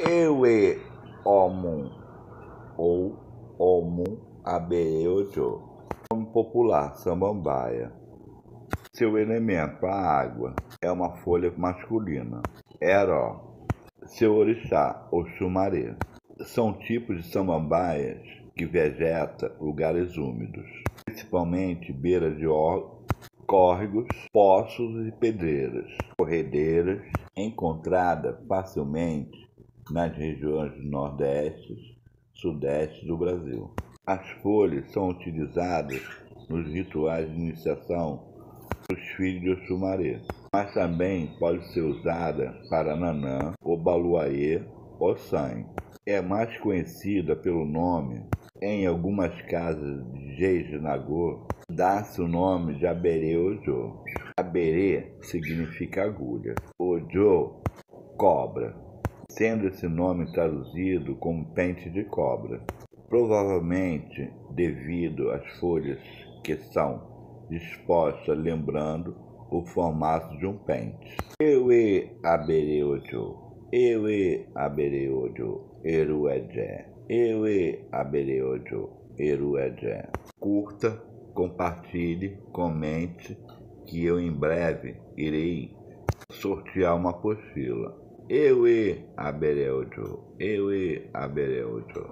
e homo ou homo abeoto, nome popular, samambaia. Seu elemento, a água, é uma folha masculina. Ero. seu orixá, ou sumaré. São tipos de samambaias que vegeta lugares úmidos, principalmente beiras de córregos, poços e pedreiras, corredeiras, encontrada facilmente nas regiões do Nordeste, Sudeste do Brasil. As folhas são utilizadas nos rituais de iniciação dos filhos de Oxumaré, mas também pode ser usada para Nanã, Obaluaê ou Sangue. É mais conhecida pelo nome, em algumas casas de Jejinagô, dá-se o nome de Aberê Ojo. Aberê significa agulha, Ojo, cobra sendo esse nome traduzido como pente de cobra, provavelmente devido às folhas que são dispostas lembrando o formato de um pente. Ewe abereojo, ewe abereojo, eruedje, ewe abereojo, eruedje. Curta, compartilhe, comente que eu em breve irei sortear uma apostila. ewe abẹ́rẹ́ odò ewe abẹ́rẹ́ odò.